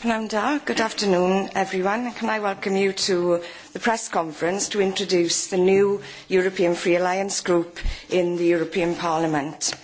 Pnawnda, good afternoon everyone can I welcome you to the press conference to introduce the new European Free Alliance group in the European Parliament.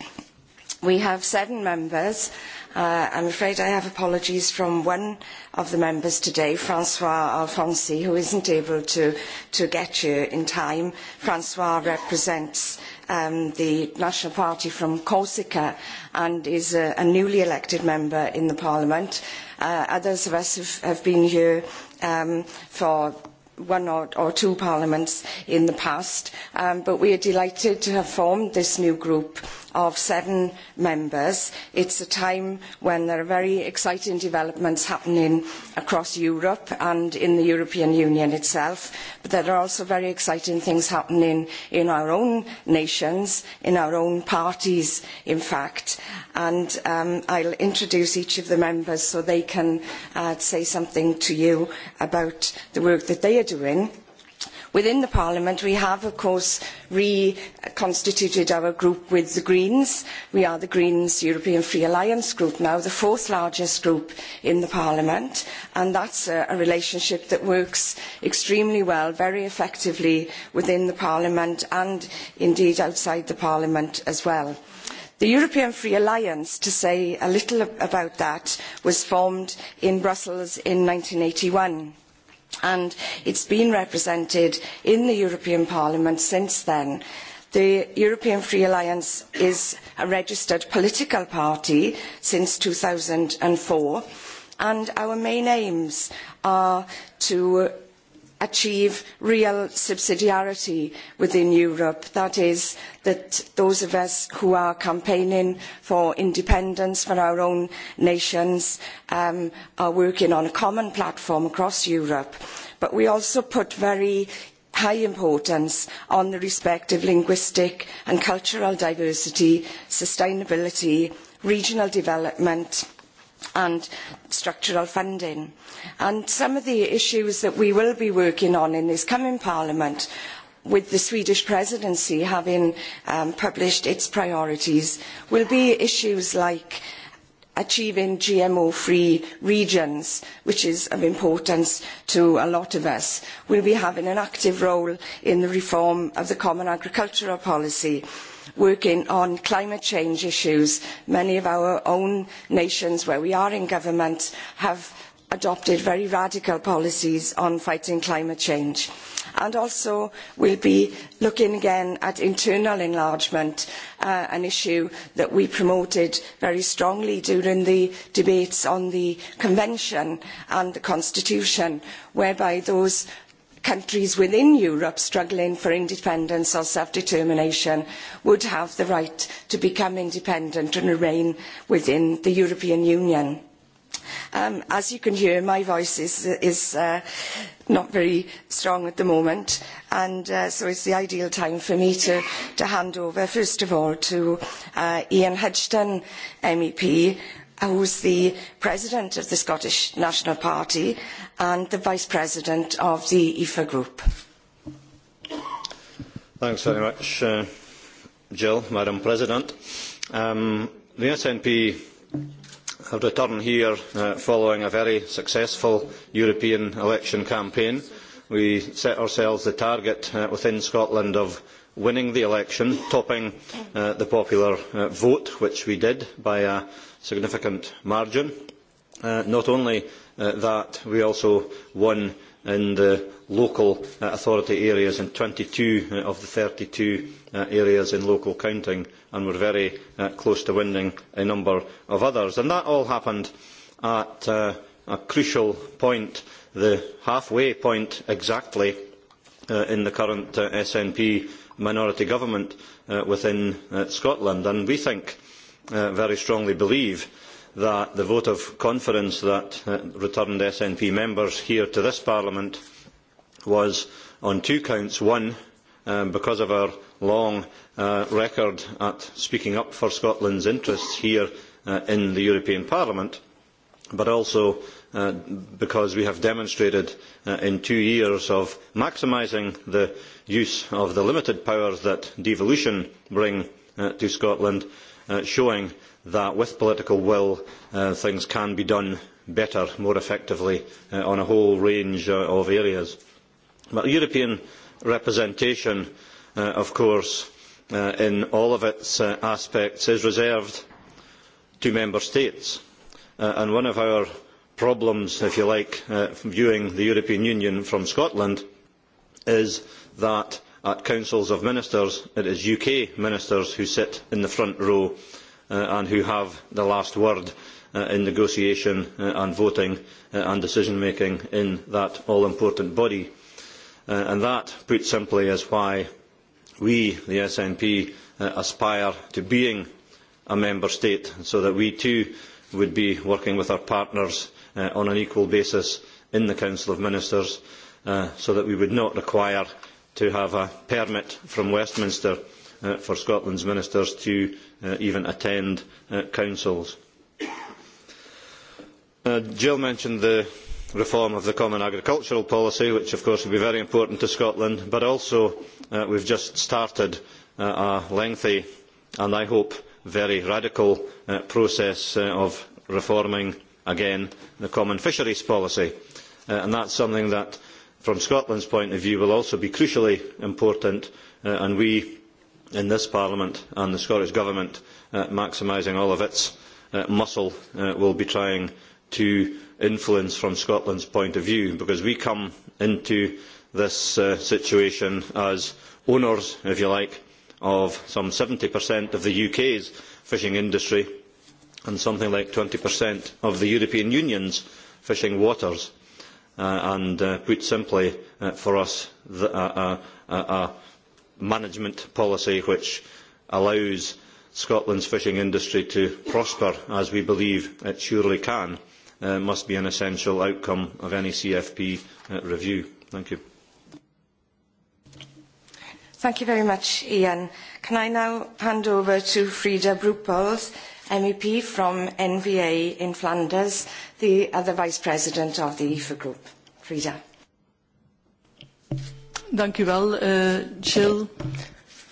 We have seven members. Uh, I'm afraid I have apologies from one of the members today, Francois Alfonsi, who isn't able to, to get here in time. Francois represents um, the National Party from Corsica and is a, a newly elected member in the Parliament Uh, others of us have, have been here um, for one or, or two parliaments in the past, um, but we are delighted to have formed this new group of seven members. It's a time when there are very exciting developments happening across Europe and in the European Union itself, but there are also very exciting things happening in our own nations, in our own parties, in fact. And um, I'll introduce each of the members so they can uh, say something to you about the work that they are doing Within the Parliament, we have, of course, reconstituted our group with the Greens. We are the Greens European Free Alliance group now, the fourth largest group in the Parliament, and that's a, a relationship that works extremely well, very effectively within the Parliament and indeed outside the Parliament as well. The European Free Alliance, to say a little about that, was formed in Brussels in 1981 and it's been represented in the European Parliament since then. The European Free Alliance is a registered political party since 2004 and our main aims are to achieve real subsidiarity within Europe. That is, that those of us who are campaigning for independence for our own nations um, are working on a common platform across Europe. But we also put very high importance on the respect of linguistic and cultural diversity, sustainability, regional development, and structural funding. And some of the issues that we will be working on in this coming Parliament with the Swedish presidency having um, published its priorities will be issues like achieving GMO-free regions, which is of importance to a lot of us. We'll be having an active role in the reform of the Common Agricultural Policy working on climate change issues. Many of our own nations where we are in government have adopted very radical policies on fighting climate change. And also we'll be looking again at internal enlargement, uh, an issue that we promoted very strongly during the debates on the Convention and the Constitution, whereby those countries within Europe struggling for independence or self-determination would have the right to become independent and remain within the European Union. Um, as you can hear, my voice is, is uh, not very strong at the moment, and uh, so it's the ideal time for me to, to hand over, first of all, to uh, Ian Hudgton, MEP, Uh, who's the president of the Scottish National Party and the vice president of the IFA group. Thanks very much, uh, Jill, Madam President. Um, the SNP have returned here uh, following a very successful European election campaign. We set ourselves the target uh, within Scotland of winning the election, topping uh, the popular uh, vote, which we did by a significant margin. Uh, not only uh, that, we also won in the local uh, authority areas in 22 uh, of the 32 uh, areas in local counting and were very uh, close to winning a number of others. And that all happened at uh, a crucial point, the halfway point exactly uh, in the current uh, SNP minority government uh, within uh, Scotland. And we think Uh, very strongly believe that the vote of confidence that uh, returned SNP members here to this Parliament was on two counts. One, um, because of our long uh, record at speaking up for Scotland's interests here uh, in the European Parliament, but also uh, because we have demonstrated uh, in two years of maximising the use of the limited powers that devolution bring uh, to Scotland Uh, showing that with political will uh, things can be done better, more effectively uh, on a whole range uh, of areas. But European representation, uh, of course, uh, in all of its uh, aspects is reserved to member states. Uh, and one of our problems, if you like, uh, viewing the European Union from Scotland is that at councils of ministers it is uk ministers who sit in the front row uh, and who have the last word uh, in negotiation uh, and voting uh, and decision making in that all important body uh, and that put simply is why we the snp uh, aspire to being a member state so that we too would be working with our partners on an equal basis in the council of ministers so that we would not require to have a permit from Westminster uh, for Scotland's ministers to uh, even attend uh, councils. Uh, Jill mentioned the reform of the common agricultural policy, which of course will be very important to Scotland, but also uh, we've just started uh, a lengthy and I hope very radical uh, process uh, of reforming again the common fisheries policy. Uh, and that's something that from Scotland's point of view will also be crucially important uh, and we in this Parliament and the Scottish Government uh, maximising all of its uh, muscle uh, will be trying to influence from Scotland's point of view because we come into this uh, situation as owners, if you like, of some 70% of the UK's fishing industry and something like 20% of the European Union's fishing waters. Uh, Uh, and uh, put simply uh, for us a management policy which allows Scotland's fishing industry to prosper as we believe it surely can uh, must be an essential outcome of any CFP uh, review. Thank you. Thank you very much, Ian. Can I now hand over to Frida Brupels, MEP from NVA in Flanders, the other Vice President of the IFA e Group. Frida. Dank u wel, uh, Jill.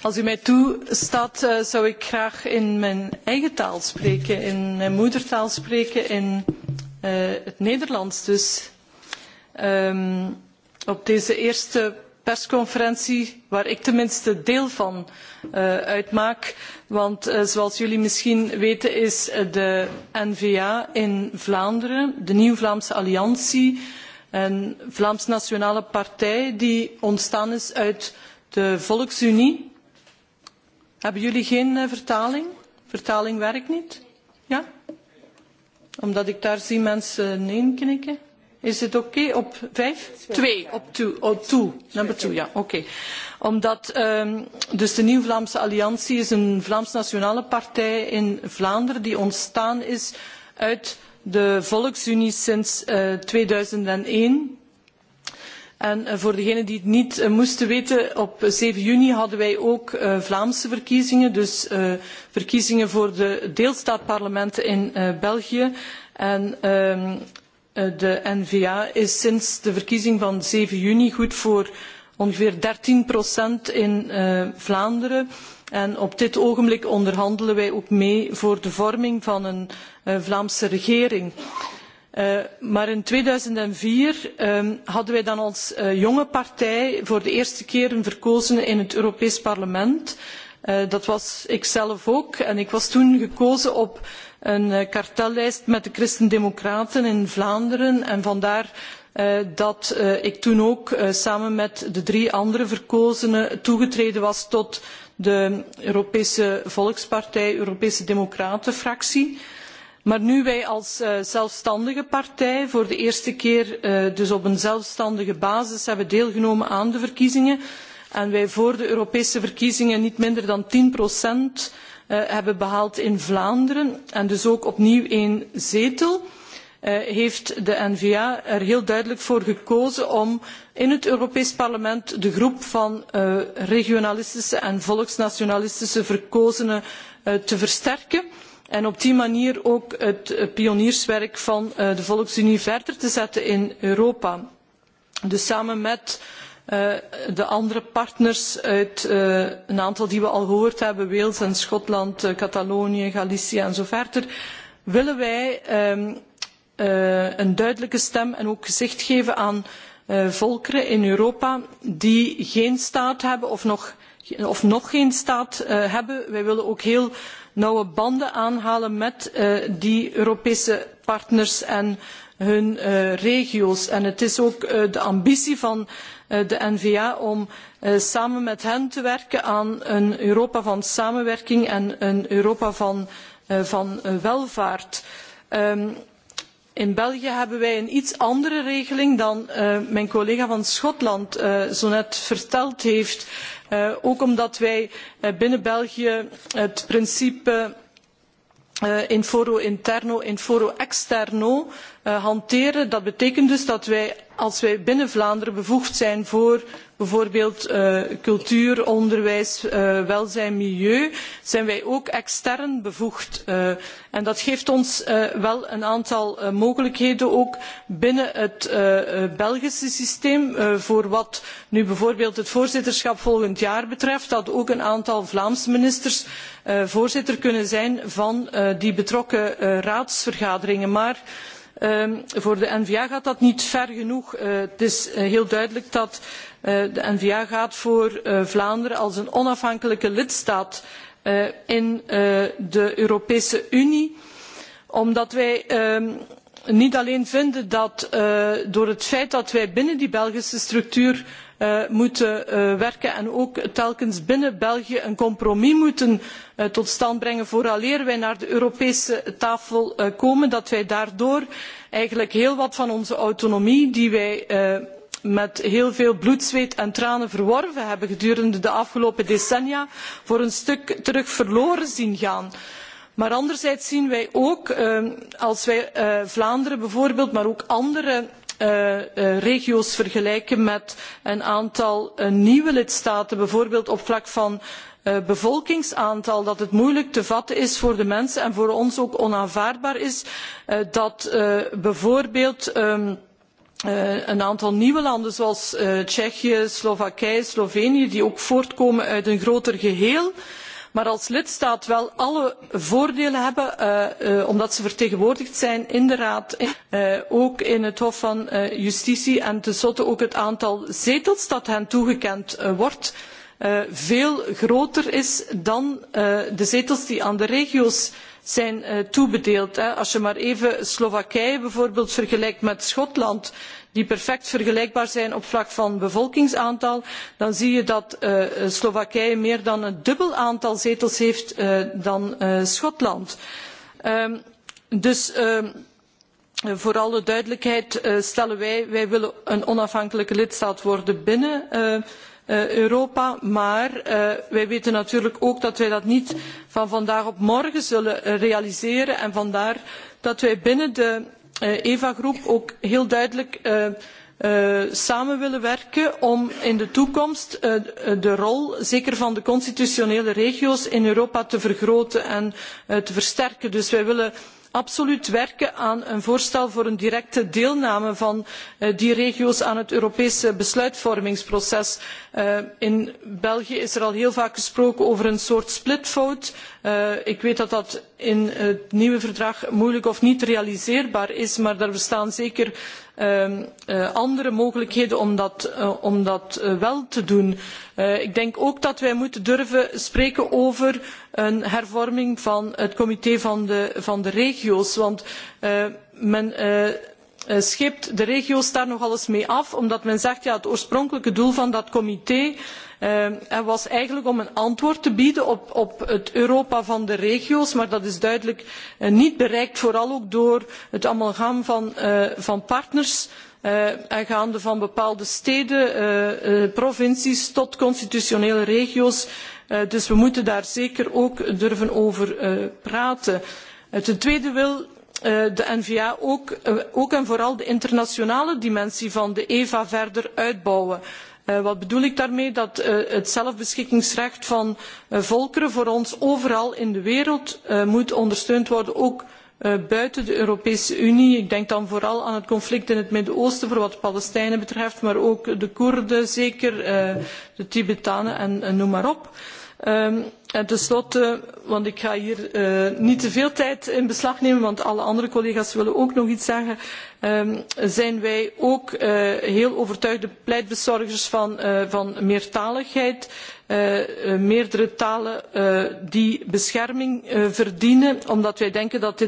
Als u mij toestaat, uh, zou ik graag in mijn eigen taal spreken, in mijn moedertaal spreken, in uh, het Nederlands dus. Um, op deze eerste persconferentie waar ik tenminste deel van eh, uitmaak want eh, zoals jullie misschien weten is eh, de n va in vlaanderen de nieuw vlaamse alliantie een vlaams nationale partij die ontstaan is uit de volksunie. hebben jullie geen uh, vertaling? vertaling werkt niet? ja? omdat ik daar zie mensen neen knikken. Is het oké okay? op vijf? Twee, op two. Oh, two. Number two, ja, oké. Okay. Omdat um, dus de Nieuw Vlaamse Alliantie is een Vlaams Nationale Partij in Vlaanderen die ontstaan is uit de Volksunie sinds uh, eh, 2001. En eh, voor degenen die het niet eh, moesten weten, op 7 juni hadden wij ook uh, Vlaamse verkiezingen, dus uh, verkiezingen voor de deelstaatparlementen in uh, België. En um, Eh, de n va is sinds de verkiezing van zeven juni goed voor ongeveer dertien procent in eh, vlaanderen en op dit ogenblik onderhandelen wij ook mee voor de vorming van een eh, vlaamse regering. maar in tweeduizendvier ehm, hadden wij dan als jonge partij voor de eerste keer een verkozene in het europees parlement en Eh, dat was ikzelf ook en ik was toen gekozen op een eh, kartellijst met de christen democraten in vlaanderen en vandaar eh, dat ik toen ook samen met de drie andere verkozenen toegetreden was tot de europese volkspartij europese democraten fractie. maar nu wij als zelfstandige partij voor de eerste keer dus op een zelfstandige basis hebben deelgenomen aan de verkiezingen en wij voor de Europese verkiezingen niet minder dan tien procent eh, hebben behaald in Vlaanderen en dus ook opnieuw één zetel eh, heeft de n va er heel duidelijk voor gekozen om in het europees parlement de groep van eh, regionalistische en volksnationalistische verkozenen te versterken en op die manier ook het pionierswerk van de volksunie verder te zetten in europa. dus samen met Eh, de andere partners uit eh, een aantal die we al gehoord hebben, Wales en Schotland, eh, Catalonië, Galicië en zo verder, willen wij ehm, een duidelijke stem en ook gezicht geven aan volkeren in Europa die geen staat hebben of nog, of nog geen staat hebben. Wij willen ook heel nauwe banden aanhalen met die Europese partners en hun eh, regio's. het is ook eh, de ambitie van eh, de N-VA om samen met hen te werken aan een Europa van samenwerking en een Europa van, van welvaart. Ehm, in belgië hebben wij een iets andere regeling dan mijn collega van schotland uh, zo net verteld heeft ook omdat wij binnen belgië het principe Eh, in foro interno in foro externo eh, hanteren. dat betekent dus dat wij als wij binnen Vlaanderen bevoegd zijn voor bijvoorbeeld uh, cultuur, onderwijs, uh, welzijn, milieu, zijn wij ook extern bevoegd. Uh, en dat geeft ons uh, wel een aantal uh, mogelijkheden ook binnen het uh, Belgische systeem. Uh, voor wat nu bijvoorbeeld het voorzitterschap volgend jaar betreft, dat ook een aantal Vlaamse ministers uh, voorzitter kunnen zijn van uh, die betrokken uh, raadsvergaderingen. Maar Ehm, voor de n va gaat dat niet ver genoeg. Eh, het is eh, heel duidelijk dat eh, de n va gaat voor vlaanderen als een onafhankelijke lidstaat in de europese unie omdat wij ehm, niet alleen vinden dat door het feit dat wij binnen die belgische structuur Eh, moeten eh, werken en ook telkens binnen belgië een compromis moeten eh, tot stand brengen vooraleer wij naar de europese tafel komen dat wij daardoor eigenlijk heel wat van onze autonomie die wij met heel veel bloed zweet en tranen verworven hebben gedurende de afgelopen decennia voor een stuk terug verloren zien gaan. maar anderzijds zien wij ook als wij vlaanderen bijvoorbeeld maar ook andere Eh, eh, regio's vergelijken met een aantal eh, nieuwe lidstaten bijvoorbeeld op vlak van bevolkingsaantal dat het moeilijk te vatten is voor de mensen en voor ons ook onaanvaardbaar is dat bijvoorbeeld ehm, een aantal nieuwe landen zoals tsjechië slowakije slovenië die ook voortkomen uit een groter geheel maar als lidstaat wel alle voordelen hebben eh, eh, omdat ze vertegenwoordigd zijn in de raad uh, ook in het hof van justitie en tenslotte ook het aantal zetels dat hen toegekend wordt veel groter is dan de zetels die aan de regio's zijn toebedeeld. als je maar even slowakije bijvoorbeeld vergelijkt met schotland die perfect vergelijkbaar zijn op vlak van bevolkingsaantal dan zie je dat eh, slowakije meer dan het dubbele aantal zetels heeft eh, dan eh, schotland. Ehm, dus ehm, voor alle duidelijkheid stellen wij wij willen een onafhankelijke lidstaat worden binnen europa maar wij weten natuurlijk ook dat wij dat niet van vandaag op morgen zullen realiseren en vandaar dat wij binnen de Eh, eva groep ook heel duidelijk eh, eh, samen willen werken om in de toekomst de rol zeker van de constitutionele regio's in europa te vergroten en te versterken. dus wij willen absoluut werken aan een voorstel voor een directe deelname van die regio's aan het europese besluitvormingsproces. in belgië is er al heel vaak gesproken over een soort split vote. Eh, ik weet dat dat in het nieuwe verdrag moeilijk of niet realiseerbaar is maar er bestaan zeker ehm, eh, andere mogelijkheden om dat, eh, wel te doen. ik denk ook dat wij moeten durven spreken over een hervorming van het comité van de, regio's want men scheept de regio's daar nogal eens mee af omdat men zegt dat het oorspronkelijke doel van dat comité en ehm, er was eigenlijk om een antwoord te bieden op, het europa van de regio's maar dat is duidelijk eh, niet bereikt vooral ook door het amalgam van, eh, partners ehm, er gaande van bepaalde steden eh, provincies tot constitutionele regio's dus we moeten daar zeker ook over durven praten. ten tweede wil de n va ook en vooral de internationale dimensie van de eva verder uitbouwen. Eh, wat bedoel ik daarmee? Dat eh, het zelfbeschikkingsrecht van eh, volkeren voor ons overal in de wereld moet ondersteund worden, ook buiten de Europese Unie. Ik denk dan vooral aan het conflict in het Midden-Oosten voor wat de Palestijnen betreft, maar ook de Koerden zeker, de Tibetanen en noem maar op. Um, en tenslotte, want ik ga hier uh, niet te veel tijd in beslag nemen, want alle andere collega's willen ook nog iets zeggen Ehm, zijn wij ook eh, heel overtuigde pleitbezorgers van, eh, meertaligheid eh, meerdere talen die bescherming verdienen omdat wij denken dat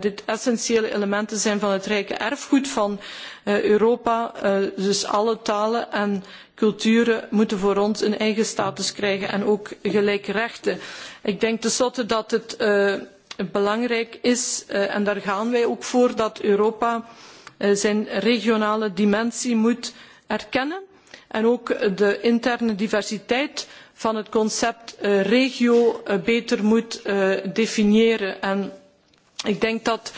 dit essentiële elementen zijn van het rijke erfgoed van europa. dus alle talen en culturen moeten voor ons een eigen status krijgen en ook gelijke rechten. ik denk tenslotte dat het belangrijk is eh, en daar gaan wij ook voor dat europa eh, zijn regionale dimensie moet erkennen en ook de interne diversiteit van het concept eh, regio beter moet definiëren. En ik denk dat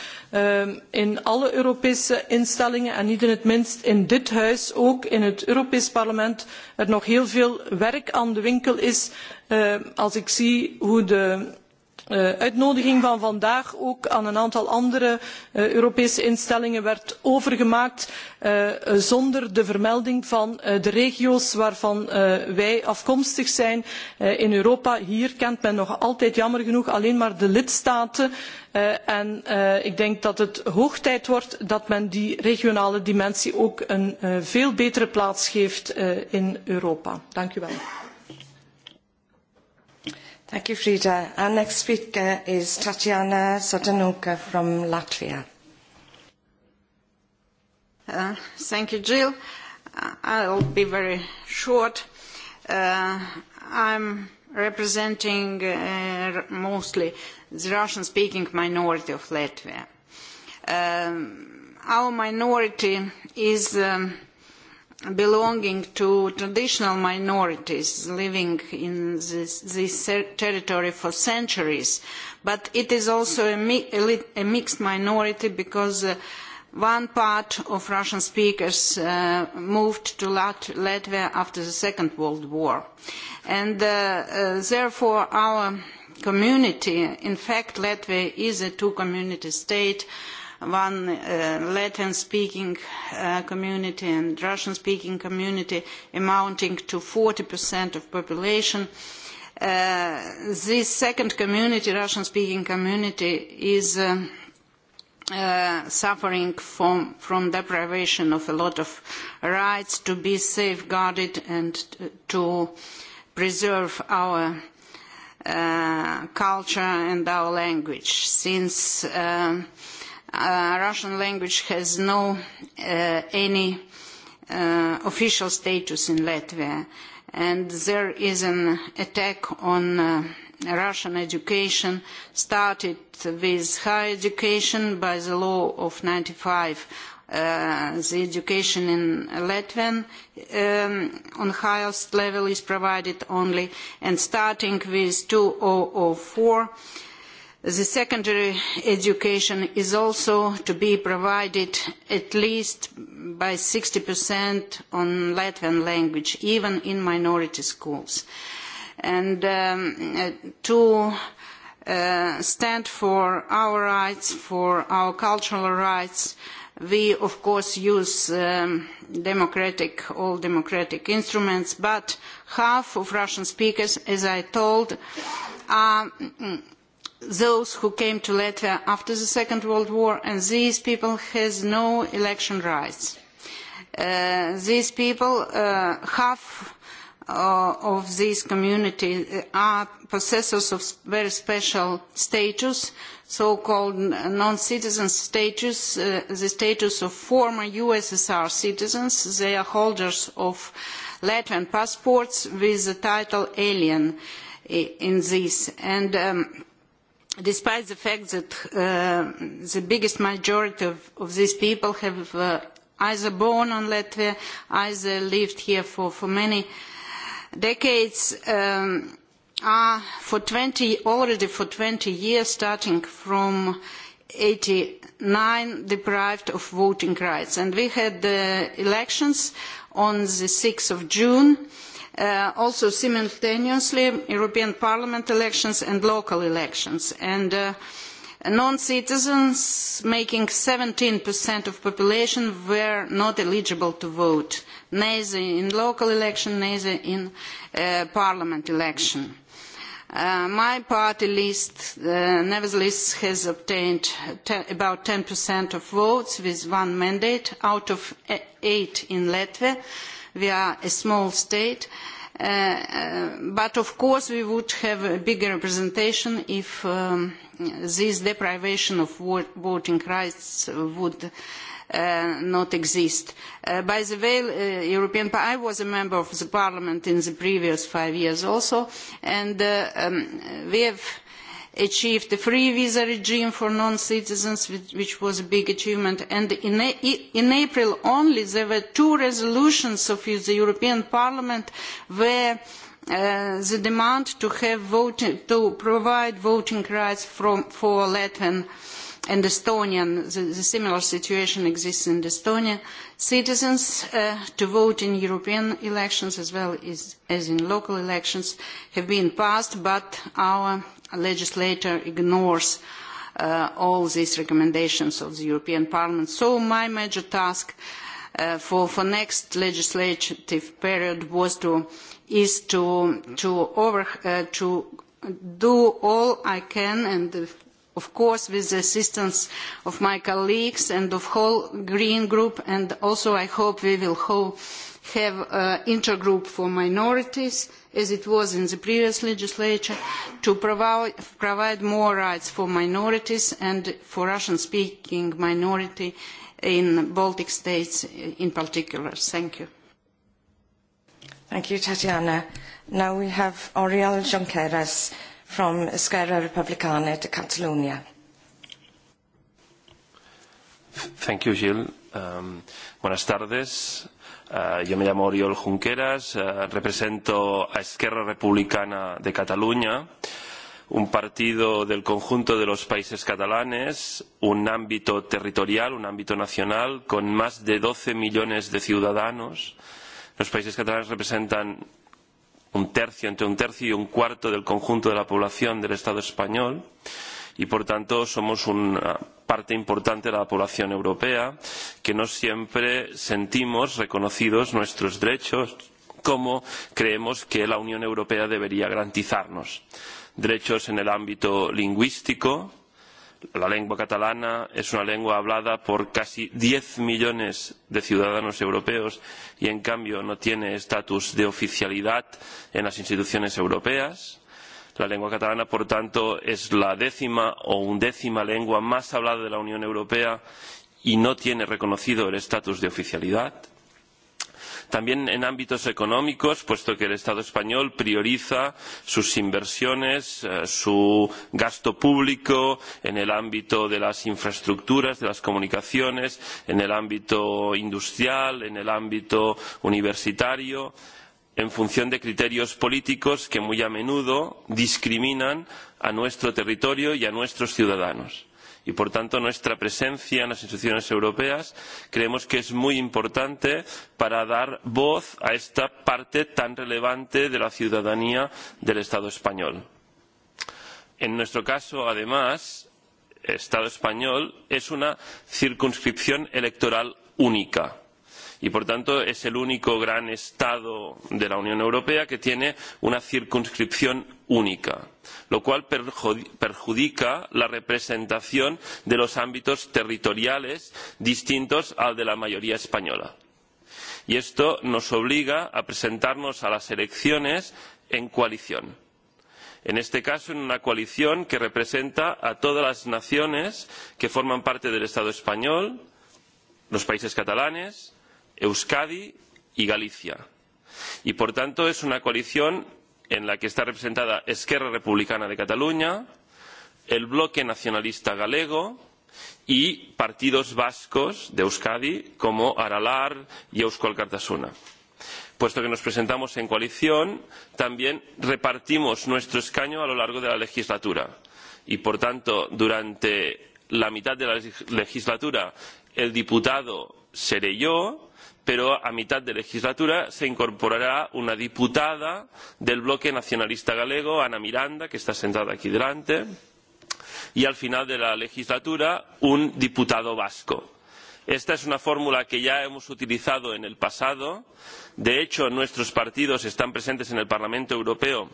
in alle europese instellingen en niet in het minst in dit huis ook in het europees parlement er nog heel veel werk aan de winkel is als ik zie hoe de Eh, uitnodiging van vandaag ook aan een aantal andere eh, Europese instellingen werd overgemaakt eh, zonder de vermelding van de regio's waarvan wij afkomstig zijn in Europa. Hier kent men nog altijd jammer genoeg alleen maar de lidstaten en ik denk dat het hoog tijd wordt dat men die regionale dimensie ook een veel betere plaats geeft in Europa. Dank u wel. Thank you, Frida. Our next speaker is Tatiana Sotanuka from Latvia. Uh, thank you, Jill. Uh, I'll be very short. Uh, I'm representing uh, mostly the Russian-speaking minority of Latvia. Um, our minority is um, belonging to traditional minorities living in this, this territory for centuries. But it is also a, mi a mixed minority because uh, one part of Russian speakers uh, moved to Lat Latvia after the Second World War. And uh, uh therefore our community, in fact Latvia is a two-community state, uh, one uh, Latin speaking uh, community and Russian speaking community amounting to 40% of population. Uh, this second community, Russian speaking community, is uh, Uh, suffering from, from, deprivation of a lot of rights to be safeguarded and to preserve our uh, culture and our language. Since uh, Uh, Russian language has no uh, any uh, official status in Latvia, and there is an attack on Russian education started with higher education by the law of 95 Uh, the education in Latvian um, on highest level is provided only, and starting with 2004, The secondary education is also to be provided at least by 60% on Latvian language, even in minority schools. And um, to uh, stand for our rights, for our cultural rights, we of course use um, democratic, all democratic instruments, but half of Russian speakers, as I told, are those who came to Latvia after the Second World War, and these people has no election rights. Uh, these people, uh, half uh, of these community uh, are possessors of very special status, so-called non-citizen status, uh, the status of former USSR citizens. They are holders of Latvian passports with the title alien uh, in this. And um, despite the fact that uh, the biggest majority of, of these people have uh, either born on Latvia, either lived here for, for many decades, um, are for 20, already for 20 years, starting from 89, deprived of voting rights. And we had the elections on the 6th of June, Uh, also simultaneously European Parliament elections and local elections. And uh, non-citizens, making 17% of population, were not eligible to vote, neither in local election, neither in uh, Parliament election. Uh, my party list uh, nevertheless has obtained te about 10% of votes with one mandate out of e, eight in Latvia We are a small state. Uh, uh, but of course we would have a bigger representation if um, this deprivation of voting rights would uh, not exist. Uh, by the way, uh, European I was a member of the Parliament in the previous five years also, and uh, um, we have achieved a free visa regime for non-citizens, which was a big achievement. And in, a, in April only, there were two resolutions of the European Parliament where Uh, the demand to have voting, to provide voting rights from, for Latvian and Estonian, the, the similar situation exists in Estonia, citizens uh, to vote in European elections as well as, as in local elections have been passed, but our legislator ignores uh, all these recommendations of the European Parliament. So my major task uh, for, for next legislative period was to, is to, to, over, uh, to do all I can and of course with the assistance of my colleagues and of whole Green Group and also I hope we will hold have an uh, intergroup for minorities, as it was in the previous legislature, to provide, provide more rights for minorities and for Russian-speaking minority in Baltic states in particular. Thank you. Thank you, Tatiana. Now we have Oriol Junqueras from Esquerra Republicana de Catalunya. Thank you, Jill. Um, buenas tardes. Uh, eh, yo me llamo Oriol Junqueras, uh, represento a Esquerra Republicana de Cataluña, un partido del conjunto de los países catalanes, un ámbito territorial, un ámbito nacional, con más de 12 millones de ciudadanos. Los países catalanes representan un tercio, entre un tercio y un cuarto del conjunto de la población del Estado español y por tanto somos una ah, parte importante de la población europea que no siempre sentimos reconocidos nuestros derechos como creemos que la Unión Europea debería garantizarnos. Derechos en el ámbito lingüístico, la lengua catalana es una lengua hablada por casi diez millones de ciudadanos europeos y en cambio no tiene estatus de oficialidad en las instituciones europeas La lengua catalana, por tanto, es la décima o undécima lengua más hablada de la Unión Europea y no tiene reconocido el estatus de oficialidad. También en ámbitos económicos, puesto que el Estado español prioriza sus inversiones, eh, su gasto público en el ámbito de las infraestructuras, de las comunicaciones, en el ámbito industrial, en el ámbito universitario, en función de criterios políticos que muy a menudo discriminan a nuestro territorio y a nuestros ciudadanos. Y, por tanto, nuestra presencia en las instituciones europeas creemos que es muy importante para dar voz a esta parte tan relevante de la ciudadanía del Estado español. En nuestro caso, además, el Estado español es una circunscripción electoral única y por tanto es el único gran estado de la unión europea que tiene una circunscripción única lo cual perjudica la representación de los ámbitos territoriales distintos al de la mayoría española. y esto nos obliga a presentarnos a las elecciones en coalición en este caso en una coalición que representa a todas las naciones que forman parte del estado español los países catalanes euskadi y galicia y por tanto es una coalición en la que está representada esquerra republicana de cataluña el bloque nacionalista galego y partidos vascos de euskadi como aralar y eusko alkartasuna. puesto que nos presentamos en coalición también repartimos nuestro escaño a lo largo de la legislatura y por tanto durante la mitad de la legislatura el diputado seré yo pero a mitad de legislatura se incorporará una diputada del bloque nacionalista galego ana miranda que está sentada aquí delante y al final de la legislatura un diputado vasco. Esta es una fórmula que ya hemos utilizado en el pasado. De hecho, nuestros partidos están presentes en el Parlamento Europeo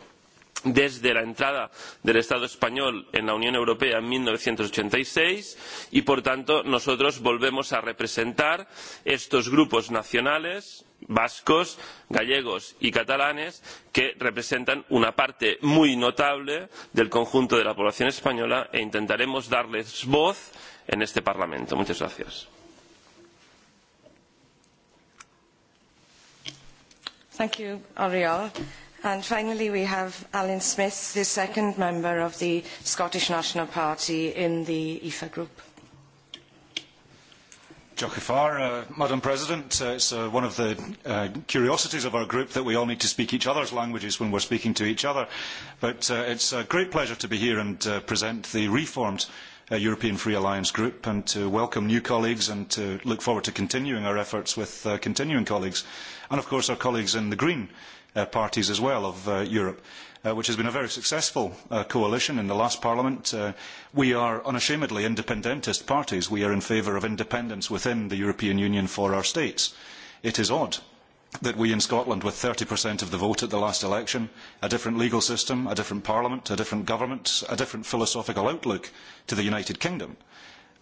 desde la entrada del Estado español en la Unión Europea en 1986 y, por tanto, nosotros volvemos a representar estos grupos nacionales vascos, gallegos y catalanes que representan una parte muy notable del conjunto de la población española e intentaremos darles voz en este Parlamento. Muchas gracias. Thank you, And finally, we have Alan Smith, the second member of the Scottish National Party in the IFA e group. Jochifar, uh, Madam President, uh, it's uh, one of the uh, curiosities of our group that we all need to speak each other's languages when we're speaking to each other. But uh, it's a great pleasure to be here and uh, present the reformed uh, Uh, European Free Alliance Group and to welcome new colleagues and to look forward to continuing our efforts with uh, continuing colleagues and of course our colleagues in the Green uh, parties as well of uh, Europe. Uh, which has been a very successful uh, coalition in the last parliament. Uh, we are unashamedly independentist parties. We are in favour of independence within the European Union for our states. It is odd that we in Scotland, with 30% of the vote at the last election, a different legal system, a different parliament, a different government, a different philosophical outlook to the United Kingdom,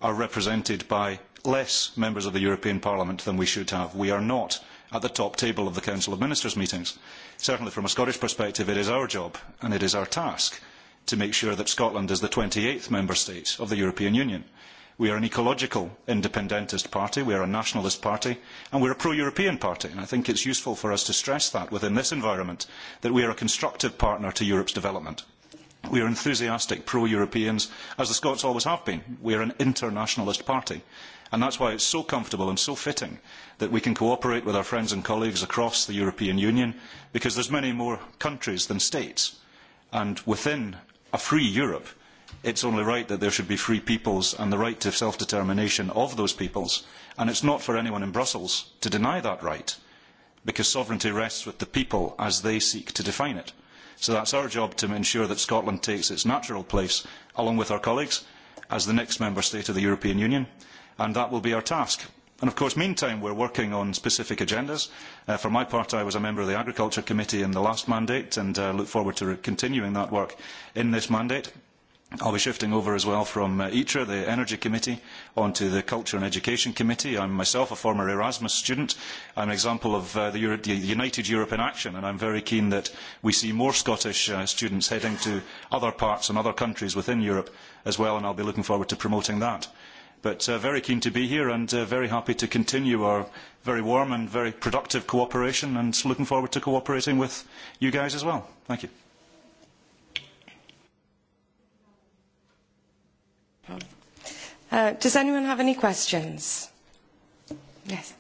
are represented by less members of the European Parliament than we should have. We are not at the top table of the Council of Ministers meetings. Certainly from a Scottish perspective, it is our job and it is our task to make sure that Scotland is the 28th member state of the European Union We are an ecological independentist party, we are a nationalist party, and we are a pro-European party. And I think it's useful for us to stress that within this environment, that we are a constructive partner to Europe's development. We are enthusiastic pro-Europeans, as the Scots always have been. We are an internationalist party. And that's why it's so comfortable and so fitting that we can cooperate with our friends and colleagues across the European Union, because there's many more countries than states. And within a free Europe, it's only right that there should be free peoples and the right to self-determination of those peoples. And it's not for anyone in Brussels to deny that right, because sovereignty rests with the people as they seek to define it. So that's our job to ensure that Scotland takes its natural place, along with our colleagues, as the next member state of the European Union, and that will be our task. And of course, meantime, we're working on specific agendas. Uh, for my part, I was a member of the Agriculture Committee in the last mandate, and uh, look forward to continuing that work in this mandate. I'll be shifting over as well from uh, ITRA, the Energy Committee, onto the Culture and Education Committee. I'm myself a former Erasmus student. I'm an example of uh, the, Euro the United Europe in action, and I'm very keen that we see more Scottish uh, students heading to other parts and other countries within Europe as well, and I'll be looking forward to promoting that. But uh, very keen to be here and uh, very happy to continue our very warm and very productive cooperation and looking forward to cooperating with you guys as well. Thank you. Uh, does anyone have any questions? Yes.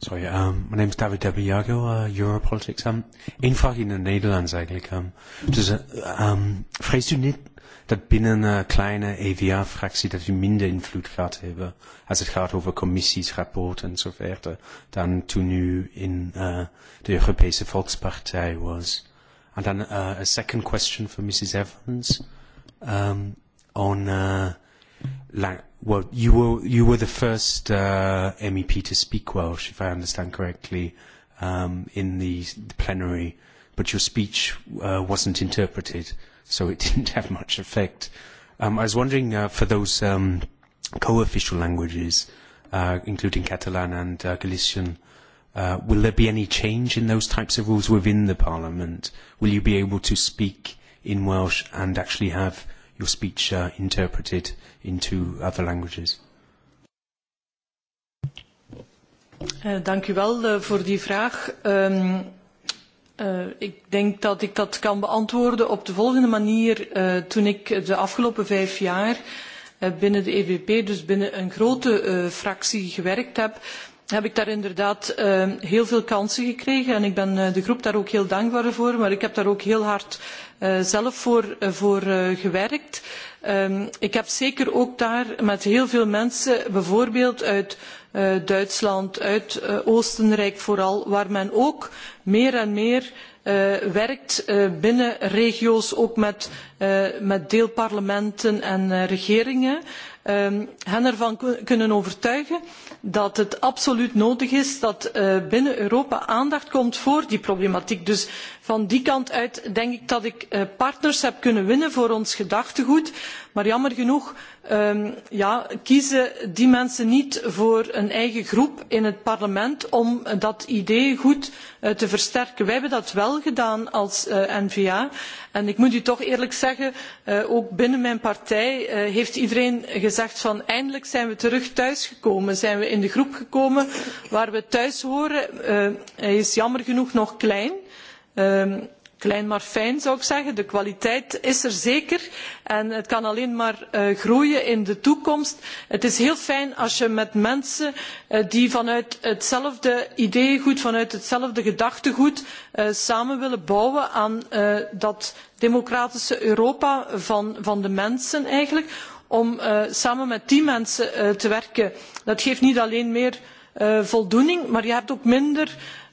Sorry, um, my name is David W. Debiago, uh, Europolitics. Um, in vraag in Netherlands, er Nederlands eigenlijk. Er um, um dus, uh, um, vreest u niet dat binnen een kleine EVA-fractie dat u minder invloed gaat hebben als het gaat over commissies, rapporten enzovoort dan toen u in uh, de Europese Volkspartij was? And then, uh, a second question for Mrs. Evans. Um, on uh, like well, you were you were the first uh, MEP to speak Welsh, if I understand correctly, um, in the, the plenary, but your speech uh, wasn't interpreted, so it didn't have much effect. Um, I was wondering uh, for those um, co-official languages, uh, including Catalan and uh, Galician. Uh, will there be any change in those types of rules within the Parliament? Will you be able to speak in Welsh and actually have your speech uh, interpreted into other languages? Uh, dank u wel uh, voor die vraag. Um, uh, ik denk dat ik dat kan beantwoorden op de volgende manier. Uh, toen ik de afgelopen vijf jaar uh, binnen de EVP, dus binnen een grote uh, fractie gewerkt heb, heb ik daar inderdaad uh, heel veel kansen gekregen en ik ben uh, de groep daar ook heel dankbaar voor. Maar ik heb daar ook heel hard Eh, zelf voor, eh, voor eh, gewerkt. Ehm, ik heb zeker ook daar met heel veel mensen bijvoorbeeld uit duitsland uit oostenrijk vooral waar men ook meer en meer werkt binnen regio's ook met, met deelparlementen en regeringen ehm, hen ervan kunnen overtuigen dat het absoluut nodig is dat binnen europa aandacht komt voor die problematiek. dus van die kant uit denk ik dat ik eh, partners heb kunnen winnen voor ons gedachtegoed maar jammer genoeg ehm, kiezen die mensen niet voor een eigen groep in het parlement om dat idee goed eh, te versterken. wij hebben dat wel gedaan als eh, n va en ik moet u toch eerlijk zeggen ook binnen mijn partij heeft iedereen gezegd van eindelijk zijn we terug thuis gekomen zijn we in de groep gekomen waar we thuis horen. hij is jammer genoeg nog klein Ehm, klein maar fijn zou ik zeggen. de kwaliteit is er zeker en het kan alleen maar eh, groeien in de toekomst. het is heel fijn als je met mensen eh, die vanuit hetzelfde ideeëngoed vanuit hetzelfde gedachtegoed eh, samen willen bouwen aan dat democratische europa van de mensen eigenlijk om samen met die mensen te werken. dat geeft niet alleen meer voldoening maar je hebt ook minder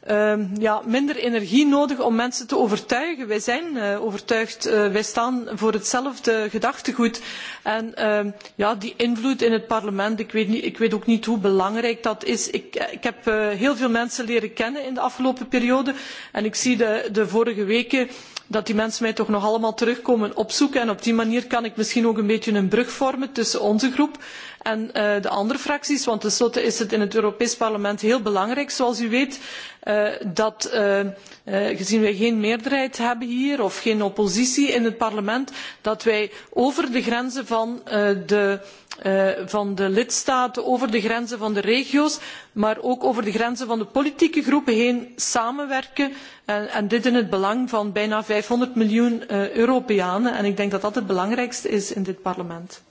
Ehm, ja, minder energie nodig om mensen te overtuigen. Wij zijn uh, overtuigd, uh, wij staan voor hetzelfde gedachtegoed. En uh, ja, die invloed in het parlement, ik weet, niet, ik weet ook niet hoe belangrijk dat is. Ik, eh, ik heb uh, heel veel mensen leren kennen in de afgelopen periode. En ik zie de, de vorige weken dat die mensen mij toch nog allemaal terugkomen opzoeken. En op die manier kan ik misschien ook een beetje een brug vormen tussen onze groep en uh, de andere fracties. Want tenslotte is het in het Europees Parlement heel belangrijk, zoals u weet, uh, dat uh, uh, gezien wij geen meerderheid hebben hier of geen oppositie in het parlement, dat wij over de grenzen van uh, de Uh, van de lidstaten over de grenzen van de regio's maar ook over de grenzen van de politieke groepen heen samenwerken en, en dit in het belang van bijna vijfhonderd miljoen uh, europeanen en ik denk dat dat het belangrijkste is in dit parlement.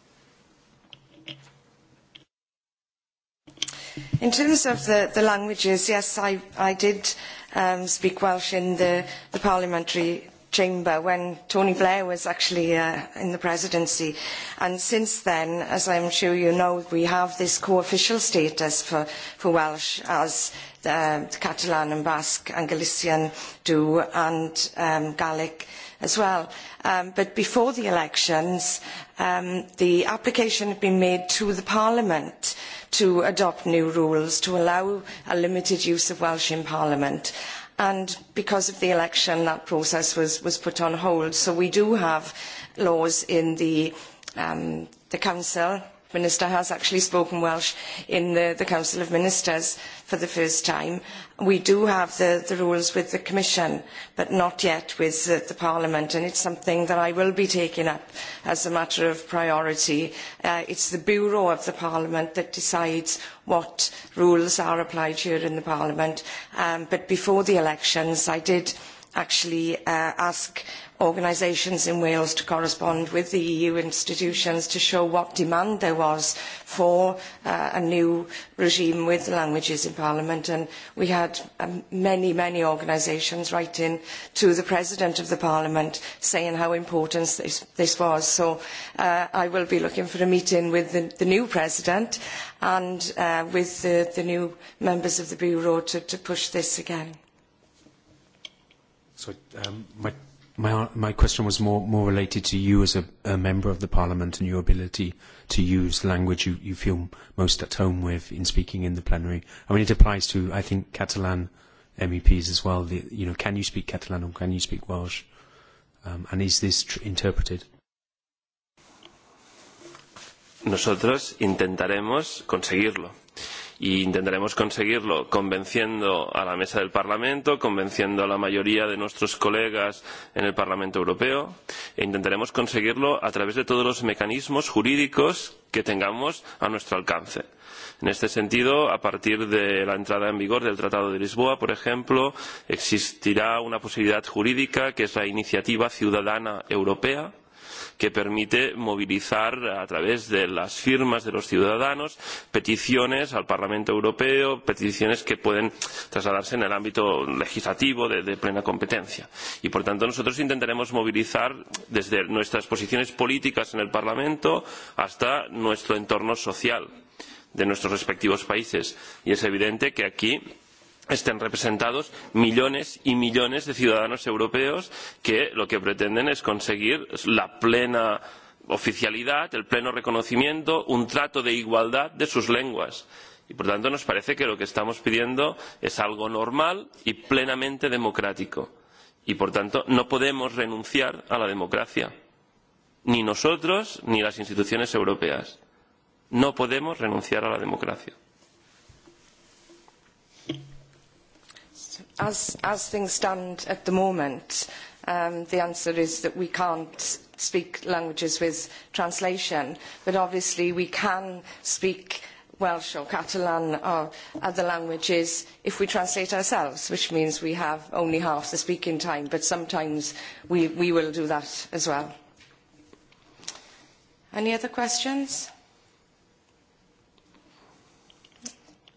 In terms of the, the languages, yes, I, I did um, speak Welsh in the, the parliamentary chamber when Tony Blair was actually uh, in the presidency. And since then, as I'm sure you know, we have this co-official status for, for Welsh as uh, Catalan and Basque and Galician do and um, Gaelic as well. Um, but before the elections, um, the application had been made to the Parliament to adopt new rules to allow a limited use of Welsh in Parliament. And because of the election, that process was, was put on hold. So we do have laws in the, um, the Council Minister has actually spoken Welsh in the, the Council of Ministers for the first time. We do have the, the rules with the Commission, but not yet with the, the Parliament, and it's something that I will be taking up as a matter of priority. Uh, it's the Bureau of the Parliament that decides what rules are applied here in the Parliament, um, but before the elections I did actually uh, ask organisations in Wales to correspond with the EU institutions to show what demand there was for uh, a new regime with languages in Parliament. And we had um, many, many organisations writing to the President of the Parliament saying how important this, this was. So uh, I will be looking for a meeting with the, the new President and uh, with the, the, new members of the Bureau to, to push this again. So um, my My, my question was more, more related to you as a, a member of the parliament and your ability to use language you, you feel most at home with in speaking in the plenary. I mean, it applies to, I think, Catalan MEPs as well. The, you know, can you speak Catalan or can you speak Welsh? Um, and is this tr interpreted? Nosotros intentaremos conseguirlo y intentaremos conseguirlo convenciendo a la mesa del Parlamento, convenciendo a la mayoría de nuestros colegas en el Parlamento Europeo e intentaremos conseguirlo a través de todos los mecanismos jurídicos que tengamos a nuestro alcance. En este sentido, a partir de la entrada en vigor del Tratado de Lisboa, por ejemplo, existirá una posibilidad jurídica que es la iniciativa ciudadana europea que permite movilizar a través de las firmas de los ciudadanos peticiones al Parlamento Europeo, peticiones que pueden trasladarse en el ámbito legislativo de, de plena competencia. Y por tanto nosotros intentaremos movilizar desde nuestras posiciones políticas en el Parlamento hasta nuestro entorno social de nuestros respectivos países. Y es evidente que aquí estén representados millones y millones de ciudadanos europeos que lo que pretenden es conseguir la plena oficialidad, el pleno reconocimiento, un trato de igualdad de sus lenguas. Y por tanto nos parece que lo que estamos pidiendo es algo normal y plenamente democrático. Y por tanto no podemos renunciar a la democracia. Ni nosotros ni las instituciones europeas. No podemos renunciar a la democracia. as, as things stand at the moment, um, the answer is that we can't speak languages with translation, but obviously we can speak Welsh or Catalan or other languages if we translate ourselves, which means we have only half the speaking time, but sometimes we, we will do that as well. Any other questions?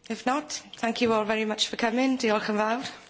If not, thank you all very much for coming. Diolch yn fawr.